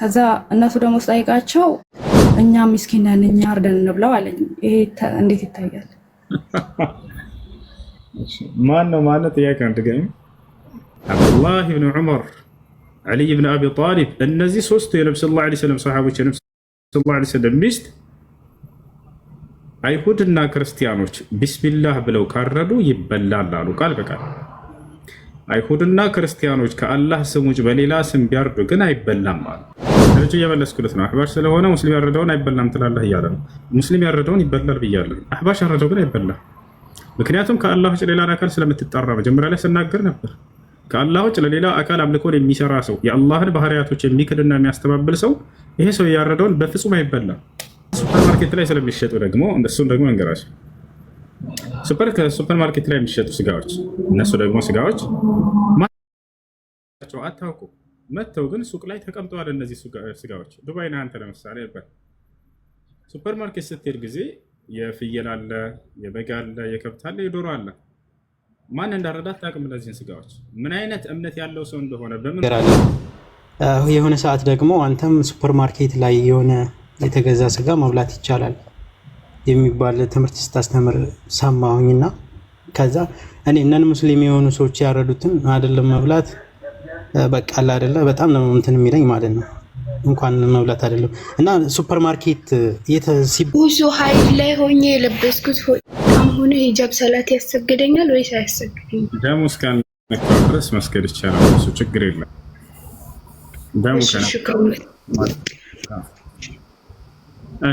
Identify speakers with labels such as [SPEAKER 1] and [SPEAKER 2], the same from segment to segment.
[SPEAKER 1] ከዛ እነሱ ደግሞ ስጠይቃቸው እኛ ምስኪን ነን እኛ አርደን እንብለው አለኝ። ይሄ እንዴት ይታያል?
[SPEAKER 2] ማን ነው ማን ነው? ጥያቄ አንድ ገኝ አብዱላህ ብን ዑመር፣ ዓሊይ ብን አቢ ጣሊብ እነዚህ ሶስቱ የነብስ ላ ሰለም ሰሓቦች የነብስ ላ ሰለም ሚስት አይሁድና ክርስቲያኖች ቢስሚላህ ብለው ካረዱ ይበላል አሉ ቃል በቃል አይሁድና ክርስቲያኖች ከአላህ ስም ውጭ በሌላ ስም ቢያርዱ ግን አይበላም አሉ። ልጁ እየመለስኩለት ነው። አህባሽ ስለሆነ ሙስሊም ያረደውን አይበላም ትላለህ እያለ ነው። ሙስሊም ያረደውን ይበላል ብያለሁ። አህባሽ ያረደው ግን አይበላም። ምክንያቱም ከአላህ ውጭ ሌላን አካል ስለምትጠራ መጀመሪያ ላይ ስናገር ነበር። ከአላህ ውጭ ለሌላ አካል አምልኮን የሚሰራ ሰው፣ የአላህን ባህሪያቶች የሚክድና የሚያስተባብል ሰው ይሄ ሰው ያረደውን በፍጹም አይበላም። ሱፐርማርኬት ላይ ስለሚሸጡ ደግሞ እሱን ደግሞ እንገራቸው ሱፐር ማርኬት ላይ የሚሸጡ ስጋዎች እነሱ ደግሞ ስጋዎች ማቸው አታውቁ መጥተው ግን ሱቅ ላይ ተቀምጠዋል። እነዚህ ስጋዎች ዱባይና አንተ ለምሳሌ ይባል ሱፐር ማርኬት ስትሄድ ጊዜ የፍየል አለ፣ የበግ አለ፣ የከብት አለ፣ የዶሮ አለ። ማን እንዳረዳት ታቅም እነዚህን ስጋዎች ምን አይነት እምነት ያለው ሰው እንደሆነ በምን
[SPEAKER 3] የሆነ ሰዓት ደግሞ አንተም ሱፐር ማርኬት ላይ የሆነ የተገዛ ስጋ መብላት ይቻላል። የሚባል ትምህርት ስታስተምር ሰማሁኝና ከዛ እኔ እነን ሙስሊም የሆኑ ሰዎች ያረዱትን አይደለም መብላት በቃል አለ አይደለ፣ በጣም ለመምትን የሚለኝ ማለት ነው። እንኳን መብላት አይደለም እና ሱፐር ማርኬት የተሲቡሱ
[SPEAKER 1] ሀይል ላይ ሆኜ የለበስኩት ሆነ ሂጃብ ሰላት ያሰግደኛል ወይስ አያሰግደኝ?
[SPEAKER 2] ደሙ እስካነካው ድረስ መስገድ ይቻላል። እሱ ችግር የለም። ደሙ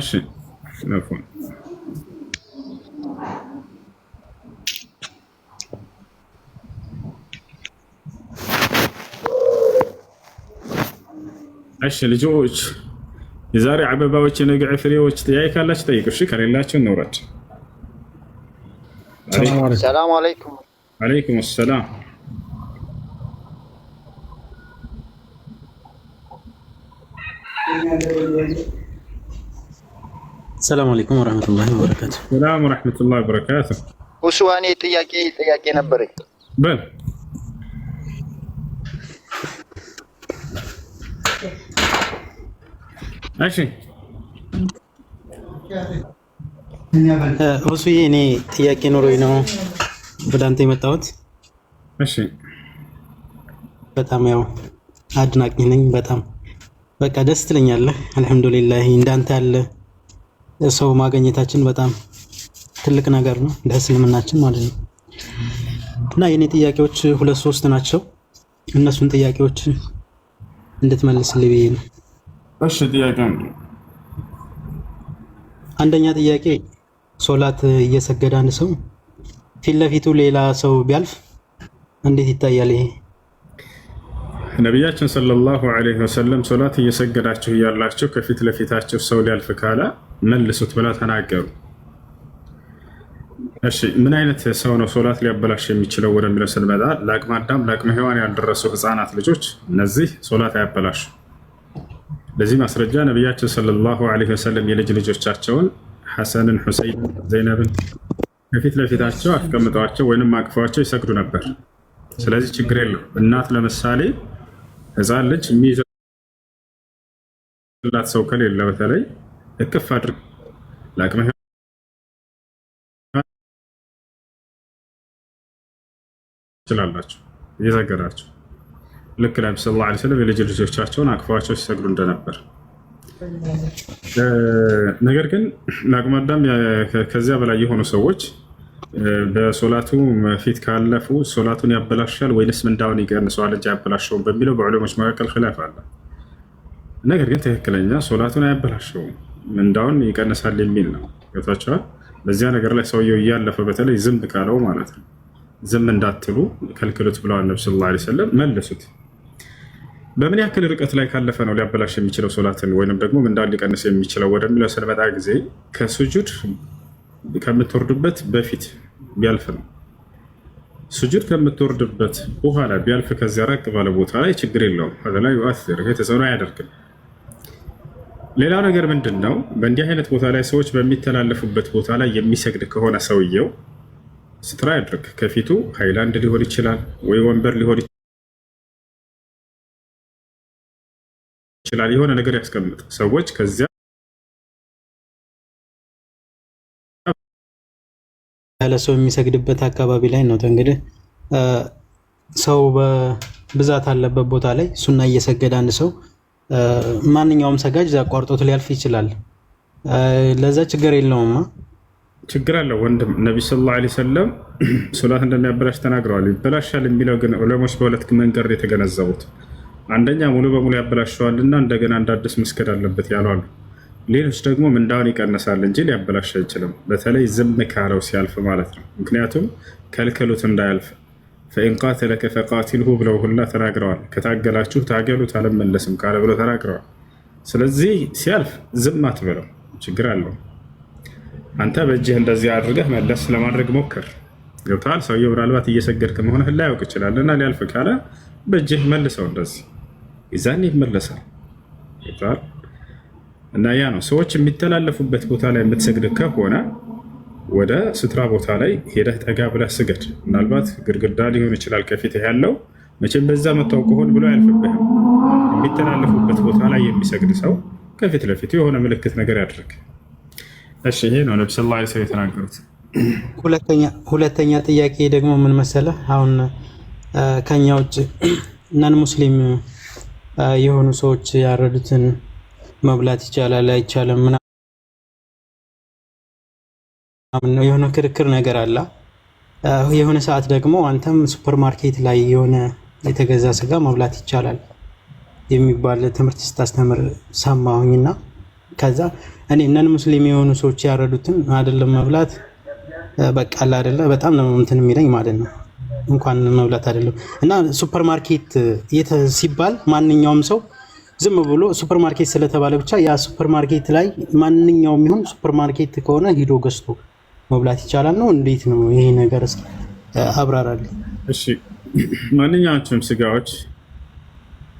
[SPEAKER 2] እሺ ነፉን እሺ ልጆች፣ የዛሬ አበባዎች የነገ ፍሬዎች ጥያቄ ካላችሁ ጠይቁ። እሺ ከሌላችሁ እንውረድ።
[SPEAKER 4] ሰላም አለይኩም።
[SPEAKER 2] አለይኩም ሰላም።
[SPEAKER 3] ሰላም አለይኩም ወራህመቱላሂ ወበረካቱ።
[SPEAKER 2] ሰላም ወራህመቱላሂ ወበረካቱ።
[SPEAKER 4] ኡስዋኔ ጥያቄ ጥያቄ ነበረኝ።
[SPEAKER 2] በል እሺ።
[SPEAKER 3] ኡስዬ እኔ ጥያቄ ኖሮኝ ነው ወደ አንተ የመጣሁት። እሺ። በጣም ያው አድናቂ ነኝ። በጣም በቃ ደስ ትለኛለህ። አልሐምዱሊላህ እንዳንተ ያለ ሰው ማግኘታችን በጣም ትልቅ ነገር ነው ለእስልምናችን ማለት ነው። እና የኔ ጥያቄዎች ሁለት ሶስት ናቸው። እነሱን ጥያቄዎች እንድትመልስልኝ ብዬ ነው። እሺ፣ ጥያቄ አንደኛ ጥያቄ ሶላት እየሰገደ አንድ ሰው ፊት ለፊቱ ሌላ ሰው ቢያልፍ እንዴት ይታያል? ይሄ
[SPEAKER 2] ነቢያችን ሰለላሁ ዓለይሂ ወሰለም ሶላት እየሰገዳችሁ እያላችሁ ከፊት ለፊታችሁ ሰው ሊያልፍ ካለ መልሱት ብላ ተናገሩ። እሺ ምን አይነት ሰው ነው ሶላት ሊያበላሽ የሚችለው ወደሚለው ስንመጣ ለአቅመ አዳም ለአቅመ ሔዋን ያልደረሱ ህፃናት ልጆች እነዚህ ሶላት አያበላሹ። ለዚህ ማስረጃ ነቢያችን ሰለላሁ ዓለይሂ ወሰለም የልጅ ልጆቻቸውን ሐሰንን፣ ሁሴይንን፣ ዘይነብን ከፊት ለፊታቸው አስቀምጠዋቸው ወይንም አቅፈዋቸው ይሰግዱ ነበር። ስለዚህ ችግር የለው። እናት ለምሳሌ ህፃን ልጅ የሚላት ሰው ከሌለ በተለይ እቅፍ አድርግ ለአቅመ ትችላላችሁ እየዘገራችሁ ልክ ነቢ ስለ ላ ስለም የልጅ ልጆቻቸውን አቅፈዋቸው ሲሰግዱ እንደነበር ነገር ግን ለአቅመ አዳም ከዚያ በላይ የሆኑ ሰዎች በሶላቱ ፊት ካለፉ ሶላቱን ያበላሻል ወይንስ ምንዳውን ይቀንሰዋል እንጂ አያበላሸውም በሚለው በዑለሞች መካከል ክላፍ አለ። ነገር ግን ትክክለኛ ሶላቱን አያበላሸውም ምንዳውን ይቀንሳል የሚል ነው። ገብታችኋል? በዚያ ነገር ላይ ሰውየው እያለፈ በተለይ ዝም ካለው ማለት ነው። ዝም እንዳትሉ ከልክሉት ብለዋል ነብ ስለ ላ ሰለም መልሱት። በምን ያክል ርቀት ላይ ካለፈ ነው ሊያበላሽ የሚችለው ሶላትን ወይም ደግሞ ምንዳውን ሊቀንስ የሚችለው ወደሚለው ስንመጣ ጊዜ ከሱጁድ ከምትወርድበት በፊት ቢያልፍ ነው። ስጁድ ከምትወርድበት በኋላ ቢያልፍ ከዚያ ራቅ ባለ ቦታ ላይ ችግር የለውም። ላይ ዩአር ይሄ አያደርግም። ሌላው ነገር ምንድን ነው? በእንዲህ አይነት ቦታ ላይ ሰዎች በሚተላለፉበት ቦታ ላይ የሚሰግድ ከሆነ ሰውየው ስትራ ያድርግ። ከፊቱ ሃይላንድ ሊሆን ይችላል ወይ ወንበር ሊሆን ይችላል፣ የሆነ ነገር ያስቀምጥ። ሰዎች ከዚያ
[SPEAKER 3] ያለ ሰው የሚሰግድበት አካባቢ ላይ ነው። እንግዲህ ሰው በብዛት አለበት ቦታ ላይ ሱና እየሰገደ አንድ ሰው ማንኛውም ሰጋጅ እዛ አቋርጦት ሊያልፍ ይችላል። ለዛ ችግር የለውማ።
[SPEAKER 2] ችግር አለው ወንድም። ነቢ ሰለላሁ ላ ሰለም ሶላት እንደሚያበላሽ ተናግረዋል። ይበላሻል የሚለው ግን ዑለሞች በሁለት መንገድ የተገነዘቡት፣ አንደኛ ሙሉ በሙሉ ያበላሸዋልና እንደገና እንደ መስገድ አለበት ያለዋል ሌሎች ደግሞ ምንዳውን ይቀንሳል እንጂ ሊያበላሽ አይችልም። በተለይ ዝም ካለው ሲያልፍ ማለት ነው። ምክንያቱም ከልከሉት እንዳያልፍ ፈኢንቃተለከ ፈቃቲልሁ ብለው ሁላ ተናግረዋል። ከታገላችሁ ታገሉት አልመለስም ካለ ብለው ተናግረዋል። ስለዚህ ሲያልፍ ዝም አትበለው፣ ችግር አለው። አንተ በእጅህ እንደዚህ አድርገህ መለስ ለማድረግ ሞክር። ገብተሃል። ሰውየው ምናልባት እየሰገድክ መሆንህን ላያውቅ ይችላል እና ሊያልፍ ካለ በእጅህ መልሰው እንደዚህ ይዛን ይመለሳል። ገብተሃል። እና ያ ነው ሰዎች የሚተላለፉበት ቦታ ላይ የምትሰግድ ከሆነ ወደ ስትራ ቦታ ላይ ሄደህ ጠጋ ብለህ ስገድ። ምናልባት ግድግዳ ሊሆን ይችላል ከፊት ያለው መቼም በዛ መታው ከሆን ብሎ አያልፍብህም። የሚተላለፉበት ቦታ ላይ የሚሰግድ ሰው ከፊት ለፊቱ የሆነ ምልክት ነገር ያድርግ። እሺ፣ ይሄ ነው ነብስ ላ ሰው የተናገሩት።
[SPEAKER 3] ሁለተኛ ጥያቄ ደግሞ ምን መሰለህ፣ አሁን ከኛ ውጭ ነን ሙስሊም የሆኑ ሰዎች ያረዱትን መብላት ይቻላል አይቻልም ምናምን ነው የሆነ ክርክር ነገር አለ። የሆነ ሰዓት ደግሞ አንተም ሱፐር ማርኬት ላይ የሆነ የተገዛ ስጋ መብላት ይቻላል የሚባል ትምህርት ስታስተምር ሰማሁኝና ከዛ እኔ እነን ሙስሊም የሆኑ ሰዎች ያረዱትን አይደለም መብላት በቃል አለ አይደለ፣ በጣም ለመምትን የሚለኝ ማለት ነው። እንኳን መብላት አይደለም እና ሱፐር ማርኬት ሲባል ማንኛውም ሰው ዝም ብሎ ሱፐርማርኬት ስለተባለ ብቻ ያ ሱፐርማርኬት ላይ ማንኛውም ይሁን ሱፐርማርኬት ከሆነ ሂዶ ገዝቶ መብላት ይቻላል ነው? እንዴት ነው ይሄ ነገር? እስኪ አብራራልኝ።
[SPEAKER 2] እሺ፣ ማንኛዎቹም ስጋዎች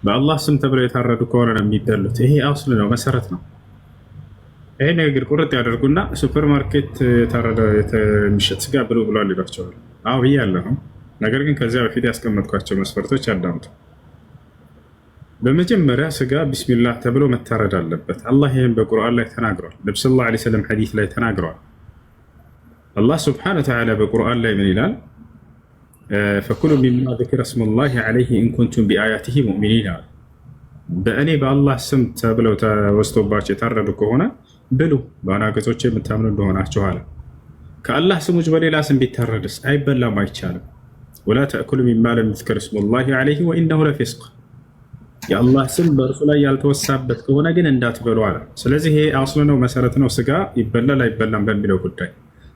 [SPEAKER 2] በአላህ ስም ተብለው የታረዱ ከሆነ ነው የሚበሉት። ይሄ አውስል ነው፣ መሰረት ነው። ይሄ ንግግር ቁርጥ ያደርጉና ሱፐርማርኬት የታረደ የሚሸጥ ስጋ ብሎ ብሏል ይሏቸዋል። አዎ ነው። ነገር ግን ከዚያ በፊት ያስቀመጥኳቸው መስፈርቶች አዳምጡ። በመጀመሪያ ስጋ ቢስሚላህ ተብሎ መታረድ አለበት። አላህ ይህም በቁርአን ላይ ተናግሯል። ነቢ ሰለላሁ ዐለይሂ ወሰለም ሐዲስ ላይ ተናግሯል። አላህ ስብሓነሁ ወተዓላ በቁርአን ላይ ምን ይላል? ፈኩሉ ሚማ ذክረ ስሙላሂ ዐለይሂ ኢንኩንቱም ቢአያቲሂ ሙእሚኒን አለ። በእኔ በአላህ ስም ተብለው ተወስቶባቸው የታረዱ ከሆነ ብሉ በአናገቶች የምታምኑ እንደሆናችሁ አለ። ከአላህ ስሞች በሌላ ስም ቢታረድስ አይበላም፣ አይቻልም። ወላ ተእኩሉ ሚማ ለም ዩዝከር ስሙላሂ ዐለይሂ ወኢነሁ ለፊስቅ የአላህ ስም በእርሱ ላይ ያልተወሳበት ከሆነ ግን እንዳትበሉ አለ። ስለዚህ ይሄ አስል ነው፣ መሰረት ነው። ስጋ ይበላል አይበላም በሚለው ጉዳይ።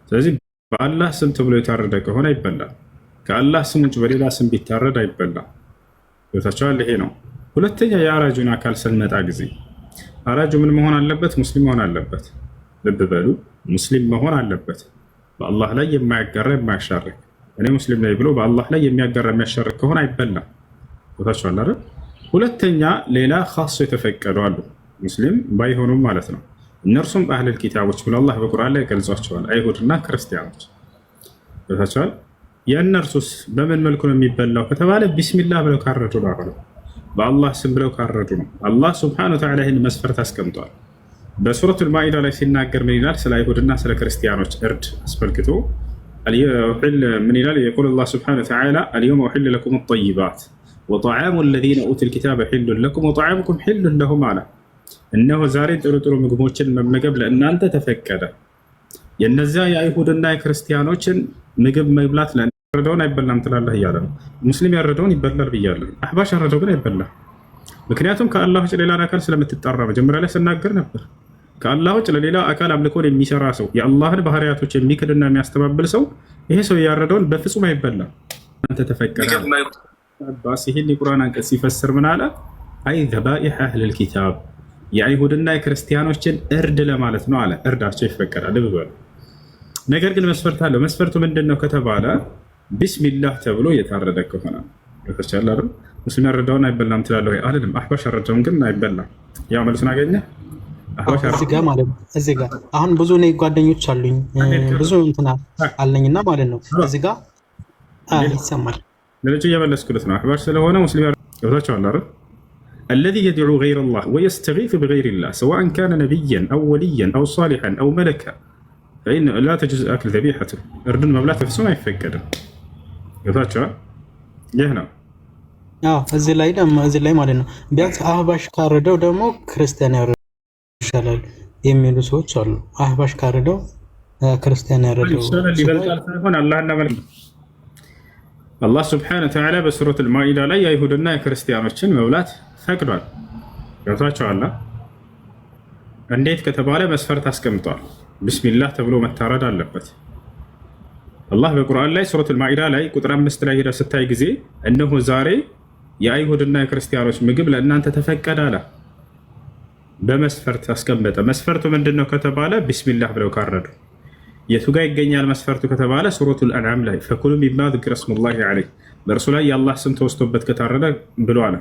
[SPEAKER 2] ስለዚህ በአላህ ስም ተብሎ የታረደ ከሆነ ይበላል። ከአላህ ስም ውጭ በሌላ ስም ቢታረድ አይበላም። ቦታቸዋል። ይሄ ነው። ሁለተኛ የአራጁን አካል ስንመጣ ጊዜ አራጁ ምን መሆን አለበት? ሙስሊም መሆን አለበት። ልብ በሉ፣ ሙስሊም መሆን አለበት። በአላህ ላይ የማያጋራ የማያሻርክ እኔ ሙስሊም ላይ ብሎ በአላህ ላይ የሚያጋራ የሚያሻርክ ከሆነ አይበላም። ቦታቸዋል አይደል ሁለተኛ ሌላ ካሶ የተፈቀዱ አሉ ሙስሊም ባይሆኑም ማለት ነው። እነርሱም አህለል ኪታቦች ብሎ አላህ በቁርአን ላይ ገልጿቸዋል። አይሁድና ክርስቲያኖች ታቸዋል። የእነርሱስ በምን መልኩ ነው የሚበላው ከተባለ ቢስሚላህ ብለው ካረዱ ነው። አሁንም በአላህ ስም ብለው ካረዱ ነው። አላህ ስብሐነሁ ወተዓላ ይህን መስፈርት አስቀምጧል። በሱረቱል ማኢዳ ላይ ሲናገር ምን ይላል? ስለ አይሁድና ስለ ክርስቲያኖች እርድ አስመልክቶ ምን ይላል? የቁል ላ ስብሐነሁ ወተዓላ አልየውመ ኡሒለ ለኩም ጠይባት ወጣዓሙ ለዚነ ኡቱል ኪታበ ሒሉን ለኩም ወጣዓሙኩም ሒሉን ለሁም አለ። እነሆ ዛሬ ጥሩ ጥሩ ምግቦችን መመገብ ለእናንተ ተፈቀደ፣ የእነዚያ የአይሁድና የክርስቲያኖችን ምግብ መብላት ያረደውን አይበላም ትላለህ እያለ ነው። ሙስሊም ያረደውን ይበላል ብያለሁ። አህባሽ ያረደው ግን አይበላም። ምክንያቱም ከአላህ ውጭ ሌላ አካል ስለምትጠራ መጀመሪያ ላይ ስናገር ነበር። ከአላህ ውጭ ለሌላ አካል አምልኮን የሚሰራ ሰው የአላህን ባህሪያቶች የሚክድና የሚያስተባብል ሰው ይሄ ሰው ያረደውን በፍጹም አይበላም። አንተ ተፈቀደ አባስ ይህን የቁርአን አንቀጽ ሲፈስር ምን አለ? አይ ዘባኢሕ አህለል ኪታብ የአይሁድና የክርስቲያኖችን እርድ ለማለት ነው አለ። እርዳቸው ይፈቀዳል ብሏል። ነገር ግን መስፈርት አለው። መስፈርቱ ምንድን ነው ከተባለ ቢስሚላህ ተብሎ የታረደ ከሆነ ቻለ ሙስሊም ያረዳውን አይበላም ትላለ ወይ አልልም። አህባሽ ያረዳውን ግን አይበላም። ያው መልሱን አገኘህ
[SPEAKER 3] እዚህ ጋ ማለት እዚህ ጋ አሁን ብዙ እኔ ጓደኞች አሉኝ ብዙ እንትና አለኝና ማለት ነው እዚህ ጋ ይሰማል
[SPEAKER 2] ለነጭ እየመለስኩለት ነው። አሕባሽ ስለሆነ ሙስሊም ገብታችኋል አይደል? አለዚ የድዑ ገይረ ላህ ወየስተጊሱ ብገይሪ ላህ ሰዋእን ካነ ነቢያን አው ወልየን አው ሳሊሐን አው መለካ ላ ተጅዝ አክል ዘቢሐት እርድን መብላት በፍጹም አይፈቀድም። ገብታችኋል? ይህ ነው
[SPEAKER 3] እዚህ ላይ እዚህ ላይ ማለት ነው። ቢያንስ አህባሽ ካረደው ደግሞ ክርስቲያን ያረደው ይሻላል የሚሉ ሰዎች አሉ። አህባሽ ካረደው ክርስቲያን ያረደው
[SPEAKER 2] ይሻላል ይበልጣል ሳይሆን አላህና መልክ አላህ ስብሐነሁ ወተዓላ በሱረቱል ማኢዳ ላይ የአይሁድና የክርስቲያኖችን መብላት ፈቅዷል። ገብቷቸዋል። እንዴት ከተባለ መስፈርት አስቀምጧል። ቢስሚላህ ተብሎ መታረድ አለበት። አላህ በቁርአን ላይ ሱረቱል ማኢዳ ላይ ቁጥር አምስት ላይ ሄደህ ስታይ ጊዜ እነሆ ዛሬ የአይሁድና የክርስቲያኖች ምግብ ለእናንተ ተፈቀደ አለ። በመስፈርት አስቀመጠ። መስፈርቱ ምንድን ነው ከተባለ ቢስሚላህ ብለው ካረዱ የቱ ጋር ይገኛል መስፈርቱ ከተባለ ሱረቱል አንዓም ላይ ፈኩሉ ሚማ ذكر اسم الله በእርሱ ላይ የአላህ ስም ተወስቶበት ከታረደ ብሏል።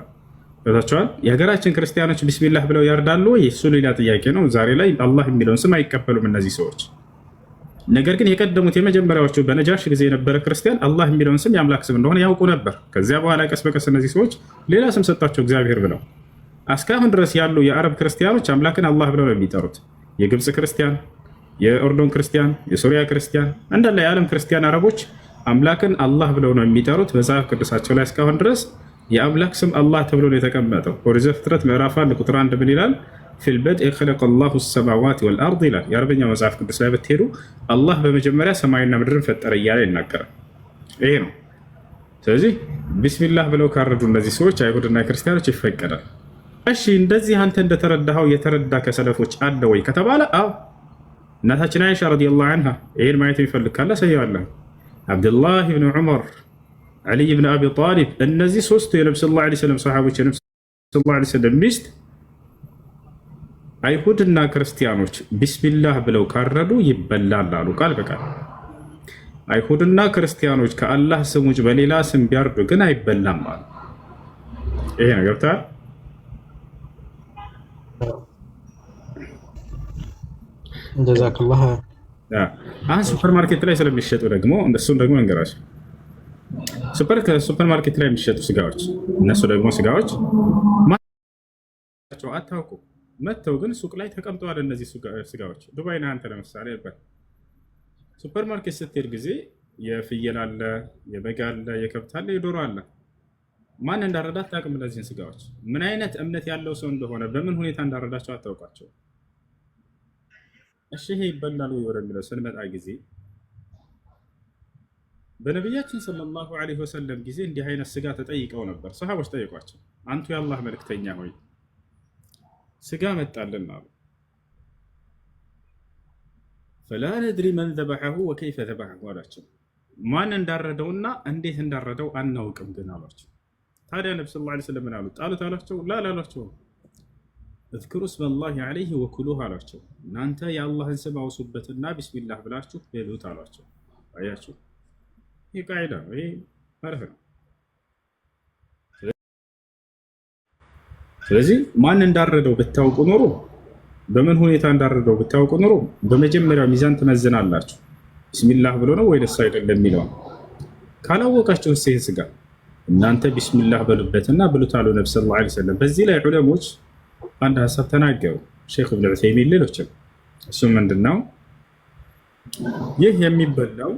[SPEAKER 2] ታቸዋል የሀገራችን ክርስቲያኖች ቢስሚላህ ብለው ያርዳሉ ወይ? እሱ ሌላ ጥያቄ ነው። ዛሬ ላይ አላህ የሚለውን ስም አይቀበሉም እነዚህ ሰዎች። ነገር ግን የቀደሙት የመጀመሪያዎቹ በነጃሽ ጊዜ የነበረ ክርስቲያን አላህ የሚለውን ስም የአምላክ ስም እንደሆነ ያውቁ ነበር። ከዚያ በኋላ ቀስ በቀስ እነዚህ ሰዎች ሌላ ስም ሰጣቸው እግዚአብሔር ብለው። እስካሁን ድረስ ያሉ የአረብ ክርስቲያኖች አምላክን አላህ ብለው ነው የሚጠሩት። የግብፅ ክርስቲያን የኦርዶን ክርስቲያን፣ የሱሪያ ክርስቲያን እንዳለ የዓለም ክርስቲያን አረቦች አምላክን አላህ ብለው ነው የሚጠሩት። መጽሐፍ ቅዱሳቸው ላይ እስካሁን ድረስ የአምላክ ስም አላህ ተብሎ ነው የተቀመጠው። ኦሪት ዘፍጥረት ምዕራፍ አንድ ቁጥር አንድ ምን ይላል? ፊልበድ ኸለቀ ላሁ ሰማዋት ወልአርድ ይላል። የአረበኛው መጽሐፍ ቅዱስ ላይ ብትሄዱ አላህ በመጀመሪያ ሰማይና ምድርን ፈጠረ እያለ ይናገራል። ይሄ ነው። ስለዚህ ቢስሚላህ ብለው ካረዱ እነዚህ ሰዎች አይሁድና ክርስቲያኖች ይፈቀዳል። እሺ እንደዚህ አንተ እንደተረዳኸው የተረዳ ከሰለፎች አለ ወይ ከተባለ አዎ እናታችን አይሻ ረዲየላሁ አንሃ ይህን ማየት የሚፈልግ ካለ ሰየዋለ። አብዱላህ ብን ዑመር፣ ዓሊይ ብን አቢ ጣሊብ እነዚህ ሶስቱ የነብስ ላ ሰለም ሰሓቦች የነብስ ላ ሰለም ሚስት አይሁድና ክርስቲያኖች ቢስሚላህ ብለው ካረዱ ይበላል አሉ ቃል በቃል። አይሁድና ክርስቲያኖች ከአላህ ስም ውጭ በሌላ ስም ቢያርዱ ግን አይበላም አሉ። ይሄ ነው ገብተሃል ጀዛክላ አሁን ሱፐር ማርኬት ላይ ስለሚሸጡ ደግሞ እሱን ደግሞ እንገራቸው። ሱፐር ማርኬት ላይ የሚሸጡ ስጋዎች እነሱ ደግሞ ስጋዎች ማቸው አታውቁ። መጥተው ግን ሱቅ ላይ ተቀምጠዋል። እነዚህ ስጋዎች ዱባይ ነህ አንተ ለምሳሌ ይባል ሱፐር ማርኬት ስትሄድ ጊዜ የፍየል አለ፣ የበግ አለ፣ የከብት አለ፣ የዶሮ አለ። ማን እንዳረዳት ታቅም። እነዚህን ስጋዎች ምን አይነት እምነት ያለው ሰው እንደሆነ በምን ሁኔታ እንዳረዳቸው አታውቃቸው። እሺ ይሄ ይበላል ወይ ወደሚለው ስንመጣ ጊዜ በነቢያችን ሰለላሁ ዐለይሂ ወሰለም ጊዜ እንዲህ አይነት ስጋ ተጠይቀው ነበር። ሰሃቦች ጠይቋቸው፣ አንቱ የአላህ መልክተኛ ሆይ ስጋ መጣልን አሉ። ፈላ ነድሪ መን ዘበሐሁ ወከይፈ ዘበሐሁ አሏቸው። ማን እንዳረደውና እንዴት እንዳረደው አናውቅም ግን አሏቸው። ታዲያ ነቢ ስ ላ ስለም አሉ? ጣሉት አሏቸው። ላ እዝክሩ ስመላሂ ዐለይሂ ወኩሉህ አሏቸው። እናንተ የአላህን ስም አውሱበትና ቢስሚላህ ብላችሁ ብሉት አሏቸው። አያችሁ፣ ይህ ቃይዳ ነው፣ ይህ መርህ ነው። ስለዚህ ማን እንዳረደው ብታውቁ ኑሮ በምን ሁኔታ እንዳረደው ብታውቁ ኑሮ በመጀመሪያ ሚዛን ትመዝናላችሁ። ቢስሚላህ ብሎ ነው ወይስ አይደለም የሚለው ካላወቃችሁ ሴ ስጋ እናንተ ቢስሚላህ በሉበትና ብሉት አሉ ነብ ስ ላ ሰለም። በዚህ ላይ ዑለሞች አንድ ሀሳብ ተናገሩ ሼክ ብን ዑሰይሚን ሌሎችም። እሱ ምንድን ነው ይህ የሚበላው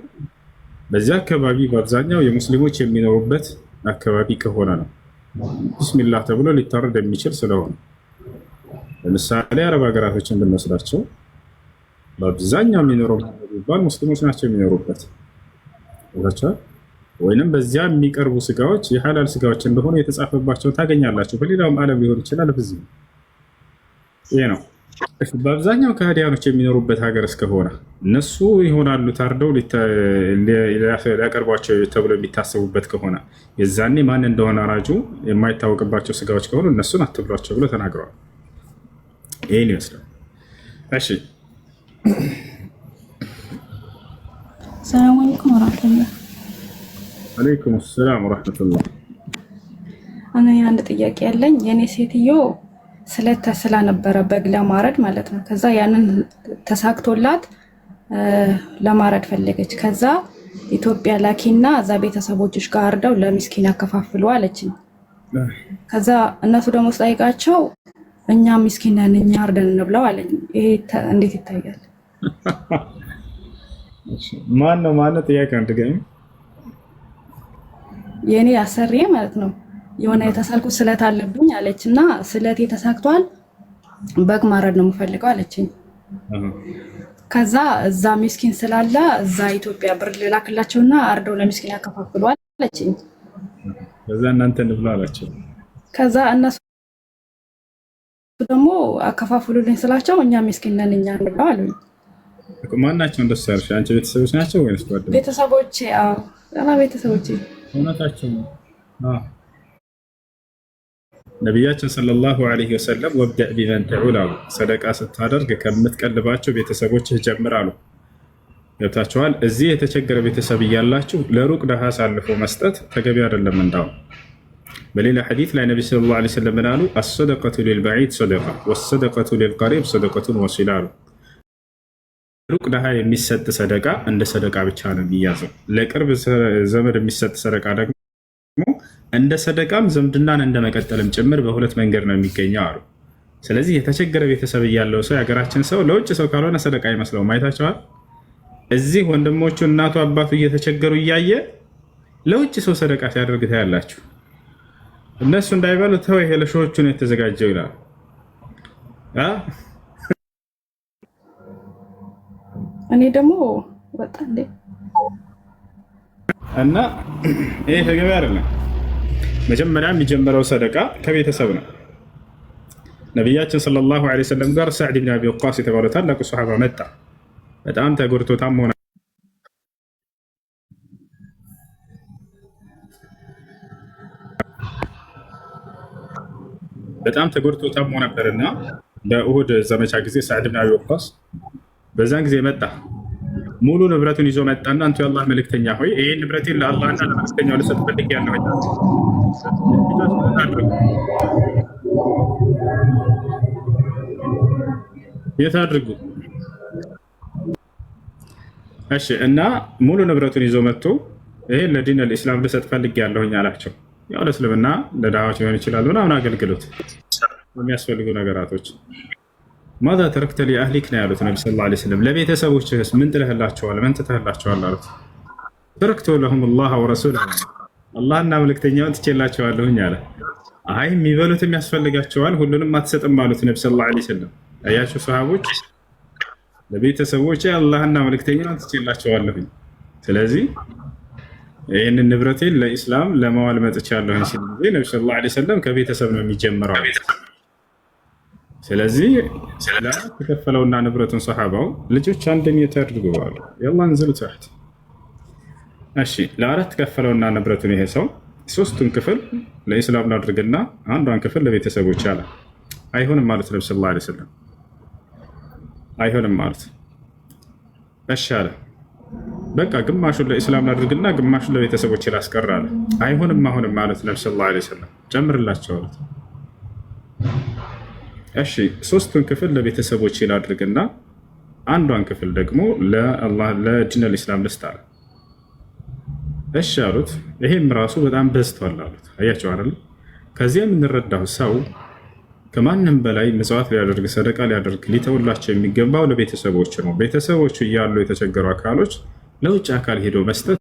[SPEAKER 2] በዚያ አካባቢ በአብዛኛው የሙስሊሞች የሚኖሩበት አካባቢ ከሆነ ነው ቢስሚላህ ተብሎ ሊታረድ የሚችል ስለሆነ ለምሳሌ አረብ ሀገራቶችን ብንወስዳቸው በአብዛኛው የሚኖረው የሚባል ሙስሊሞች ናቸው የሚኖሩበት ወይንም በዚያ የሚቀርቡ ስጋዎች የሀላል ስጋዎች እንደሆኑ የተጻፈባቸውን ታገኛላቸው። በሌላውም ዓለም ሊሆን ይችላል። በዚህ ይህ ነው በአብዛኛው ከሃዲያኖች የሚኖሩበት ሀገር እስከሆነ እነሱ ይሆናሉ ታርደው ሊያቀርቧቸው ተብሎ የሚታሰቡበት ከሆነ የዛኔ ማን እንደሆነ አራጁ የማይታወቅባቸው ስጋዎች ከሆኑ እነሱን አትብሏቸው ብሎ ተናግረዋል። ይህን ይመስላል። እሺ፣
[SPEAKER 1] ሰላም አለይኩም ወራህመቱላ።
[SPEAKER 2] አለይኩም ሰላም
[SPEAKER 1] እኔ አንድ ጥያቄ ያለኝ የእኔ ሴትዮ ስለተስላ ነበረ በግ ለማረድ ማለት ነው። ከዛ ያንን ተሳክቶላት ለማረድ ፈለገች። ከዛ ኢትዮጵያ ላኪና እዛ ቤተሰቦችሽ ጋር አርደው ለሚስኪን ያከፋፍሉ አለችኝ። ከዛ እነሱ ደግሞ ስጠይቃቸው እኛ ሚስኪን ነን እኛ አርደን እንብለው አለኝ። ይሄ እንዴት ይታያል?
[SPEAKER 2] ማን ነው ማን ጥያቄ አንድ ገኝ
[SPEAKER 1] የእኔ አሰሪዬ ማለት ነው የሆነ የተሳልኩት ስለት አለብኝ አለች እና ስለቴ ተሳክቷል፣ በግ ማረድ ነው የምፈልገው አለችኝ። ከዛ እዛ ሚስኪን ስላለ እዛ ኢትዮጵያ ብር ልላክላቸውና አርደው ለሚስኪን ያከፋፍሏል አለችኝ።
[SPEAKER 2] ከዛ እናንተ እንብላ አላቸው።
[SPEAKER 1] ከዛ እነሱ ደግሞ አከፋፍሉልኝ ስላቸው እኛ ሚስኪን ነን እኛ እንብላ አሉኝ።
[SPEAKER 2] ማናቸው እንደሱ ያልሽ አንቺ ቤተሰቦች ናቸው ወይስ
[SPEAKER 1] ጓደኞች? ቤተሰቦቼ ቤተሰቦቼ
[SPEAKER 2] እውነታቸው ነው ነቢያችን ሰለላሁ ዓለይሂ ወሰለም ወብደእ ቢመን ተዑል አሉ። ሰደቃ ስታደርግ ከምትቀልባቸው ቤተሰቦችህ ጀምር አሉ። ገብታችኋል። እዚህ የተቸገረ ቤተሰብ እያላችሁ ለሩቅ ደሃ አሳልፎ መስጠት ተገቢ አይደለም። እንዳው በሌላ ሐዲት ላይ ነቢ ሰለላሁ ዓለይሂ ወሰለም ምን አሉ? አሰደቀቱ ሊልበዒድ ሰደቃ ወሰደቀቱ ሊልቀሪብ ሰደቀቱን ወሲላ አሉ። ሩቅ ደሃ የሚሰጥ ሰደቃ እንደ ሰደቃ ብቻ ነው የሚያዘው። ለቅርብ ዘመድ የሚሰጥ ሰደቃ ደግሞ እንደ ሰደቃም ዝምድናን እንደመቀጠልም ጭምር በሁለት መንገድ ነው የሚገኘው አሉ። ስለዚህ የተቸገረ ቤተሰብ እያለው ሰው የሀገራችን ሰው ለውጭ ሰው ካልሆነ ሰደቃ አይመስለውም። አይታቸዋል። እዚህ ወንድሞቹ እናቱ አባቱ እየተቸገሩ እያየ ለውጭ ሰው ሰደቃ ሲያደርግ ታያላችሁ። እነሱ እንዳይበሉ ተው፣ ይሄ ነው የተዘጋጀው ይላል። እኔ ደግሞ እና ይሄ ተገቢ አይደለም። መጀመሪያ የሚጀመረው ሰደቃ ከቤተሰብ ነው። ነቢያችን ሰለላሁ ዐለይሂ ወሰለም ጋር ሳዕድ ብን አቢ ወቃስ የተባለ ታላቁ ሰሓባ መጣ። በጣም ተጎድቶ ታሞ በጣም ተጎድቶ ታሞ ነበርና በኡሁድ ዘመቻ ጊዜ ሳዕድ ብን አቢ ወቃስ በዛን ጊዜ መጣ ሙሉ ንብረቱን ይዞ መጣና አንቱ የአላህ መልእክተኛ ሆይ ይህን ንብረቴን ለአላህና ለመልእክተኛው ልሰጥ ፈልግ ያለው የት አድርጉ። እሺ እና ሙሉ ንብረቱን ይዞ መጥቶ ይሄን ለዲን ልእስላም ልሰጥ ፈልግ ያለሁኝ አላቸው። ያው ለእስልምና ለዳዋች ሊሆን ይችላል ምናምን አገልግሎት የሚያስፈልጉ ነገራቶች ማዛ ተረክተ ሊአህሊክ ነው ያሉት ነቢ ስለ ላ ስለም። ለቤተሰቦችህስ ምን ጥለህላቸዋል? ምን ትተህላቸዋል? አሉት። ተረክቶ ለሁም ላህ ወረሱል አላህና መልእክተኛውን ትቼላቸዋለሁኝ አለ። አይ የሚበሉትም ያስፈልጋቸዋል፣ ሁሉንም አትሰጥም አሉት ነቢ ስለ ላ ስለም። አያችሁ ሰሃቦች፣ ለቤተሰቦች አላህና መልእክተኛውን ትቼላቸዋለሁኝ፣ ስለዚህ ይህንን ንብረቴን ለኢስላም ለማዋል መጥቻለሁኝ ሲል ነቢ ስለ ላ ስለም ከቤተሰብ ነው የሚጀምረው ስለዚህ ተከፈለውና ንብረቱን ሰሓባው ልጆች አንድ ሜትር አድርገዋሉ። የላ እንዝሉ ትሕት እሺ፣ ለአራት ከፈለውና ንብረቱን ይሄ ሰው ሶስቱን ክፍል ለኢስላም ላድርግና አንዷን ክፍል ለቤተሰቦች አለ። አይሆንም ማለት ነብ ስለ ላ ስለም አይሆንም ማለት እሺ አለ። በቃ ግማሹን ለኢስላም ላድርግና ግማሹን ለቤተሰቦች ላስቀር አለ። አይሆንም አሁንም ማለት ነብ ስለ ላ ስለም ጨምርላቸው አሉት። እሺ ሶስቱን ክፍል ለቤተሰቦች ላድርግና አንዷን ክፍል ደግሞ ለዲነል ኢስላም አለ። እሺ አሉት። ይሄም ራሱ በጣም በዝቷል አሉት። አያቸው አይደል? ከዚያ የምንረዳው ሰው ከማንም በላይ ምጽዋት ሊያደርግ ሰደቃ ሊያደርግ ሊተውላቸው የሚገባው ለቤተሰቦች ነው። ቤተሰቦቹ እያሉ የተቸገሩ አካሎች ለውጭ አካል ሄዶ መስጠት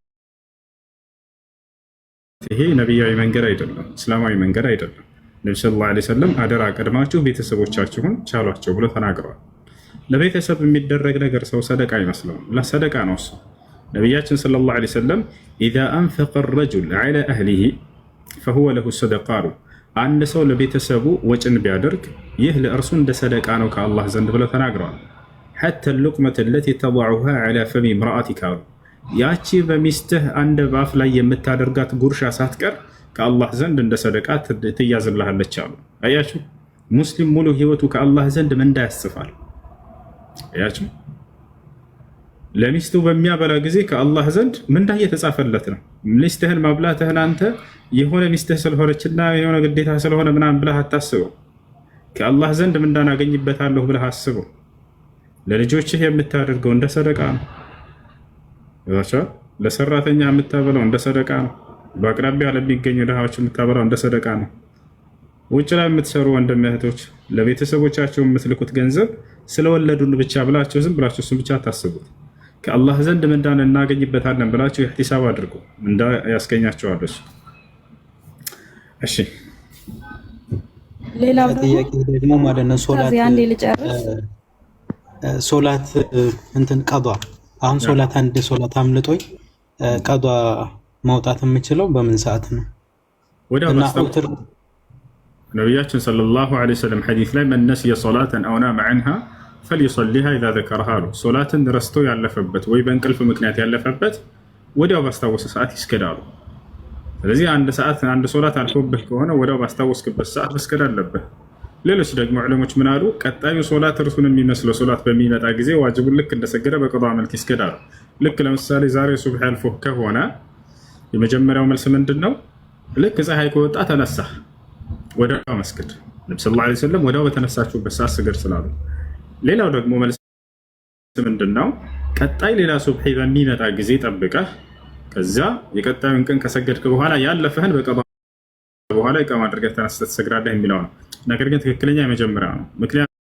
[SPEAKER 2] ይሄ ነቢያዊ መንገድ አይደለም፣ እስላማዊ መንገድ አይደለም። ነቢ ሰለላሁ ዓለይሂ ወሰለም አደራ ቀድማችሁ ቤተሰቦቻችሁን ቻሏቸው ብሎ ተናግረዋል። ለቤተሰብ የሚደረግ ነገር ሰው ሰደቃ አይመስለውም። ለሰደቃ ነው እሱ። ነቢያችን ሰለላሁ ዓለይሂ ወሰለም ኢዛ አንፈቀ ረጁል ዐላ አህሊሂ ፈሁወ ለሁ ሰደቃ አንድ ሰው ለቤተሰቡ ወጭን ቢያደርግ ይህ ለእርሱ እንደ ሰደቃ ነው ከአላህ ዘንድ ብለው ተናግረዋል። ሐተ ሉቅመት ለቲ ተضዑሃ ዐላ ፈሚ ምርአቲካ አሉ። ያቺ በሚስትህ አንድ ባፍ ላይ የምታደርጋት ጉርሻ ሳትቀር ከአላህ ዘንድ እንደ ሰደቃ ትያዝልሃለች አሉ። አያችሁ ሙስሊም ሙሉ ህይወቱ ከአላህ ዘንድ ምንዳ ያስፋል። አያችሁ ለሚስቱ በሚያበላ ጊዜ ከአላህ ዘንድ ምንዳ እየተጻፈለት ነው። ሚስትህን ማብላትህን አንተ የሆነ ሚስትህ ስለሆነችና የሆነ ግዴታ ስለሆነ ምናምን ብለህ አታስበው። ከአላህ ዘንድ ምንዳን አገኝበታለሁ ብለህ አስበው። ለልጆችህ የምታደርገው እንደ ሰደቃ ነው። ለሰራተኛ የምታበለው እንደ ሰደቃ ነው። በአቅራቢያ ለሚገኙ ድሃዎች የምታበራው እንደ ሰደቃ ነው። ውጭ ላይ የምትሰሩ ወንድም እህቶች ለቤተሰቦቻቸው የምትልኩት ገንዘብ ስለወለዱን ብቻ ብላቸው ዝም ብላቸው እሱን ብቻ አታስቡት። ከአላህ ዘንድ ምንዳን እናገኝበታለን ብላቸው የሕቲሳብ አድርጉ። ምንዳ ያስገኛቸዋለች። እሺ ሌላው ደግሞ ማለት ነው ሶላት እንትን ቀዷ አሁን ሶላት አንድ ሶላት አምልጦኝ ቀዷ ማውጣት የምችለው በምን ሰዓት ነው? ነቢያችን ሰለላሁ ዐለይሂ ወሰለም ሐዲስ ላይ መን ነሲየ ሶላተን አው ናመ ዐንሃ ኢዛ ዘከረሃ አሉ። ሶላትን ረስቶ ያለፈበት ወይ በእንቅልፍ ምክንያት ያለፈበት ወዲያው ባስታወሰ ሰዓት ይስገዳሉ። ስለዚህ አንድ ሰዓት አንድ ሶላት አልፎብህ ከሆነ ወዲያው ባስታወስክበት ሰዓት መስገድ አለብህ። ሌሎች ደግሞ ዕለሞች ምን አሉ? ቀጣዩ ሶላት እርሱን የሚመስለው ሶላት በሚመጣ ጊዜ ዋጅቡን ልክ እንደሰገደ በቅዷ መልክ ይስገዳሉ። ልክ ለምሳሌ ዛሬ ሱብሕ ያልፎህ ከሆነ የመጀመሪያው መልስ ምንድን ነው? ልክ ፀሐይ ከወጣ ተነሳ፣ ወደ መስገድ። ነቢ ስ ላ ስለም ወዲያው በተነሳችሁበት ሰዓት ስገድ ስላሉ። ሌላው ደግሞ መልስ ምንድን ነው? ቀጣይ ሌላ ሱብሒ በሚመጣ ጊዜ ጠብቀህ ከዚያ የቀጣዩን ቀን ከሰገድክ በኋላ ያለፈህን በቀባ በኋላ ይቃም አድርገህ ተነስተህ ትሰግዳለህ የሚለው ነው። ነገር ግን ትክክለኛ የመጀመሪያ ነው ምክንያት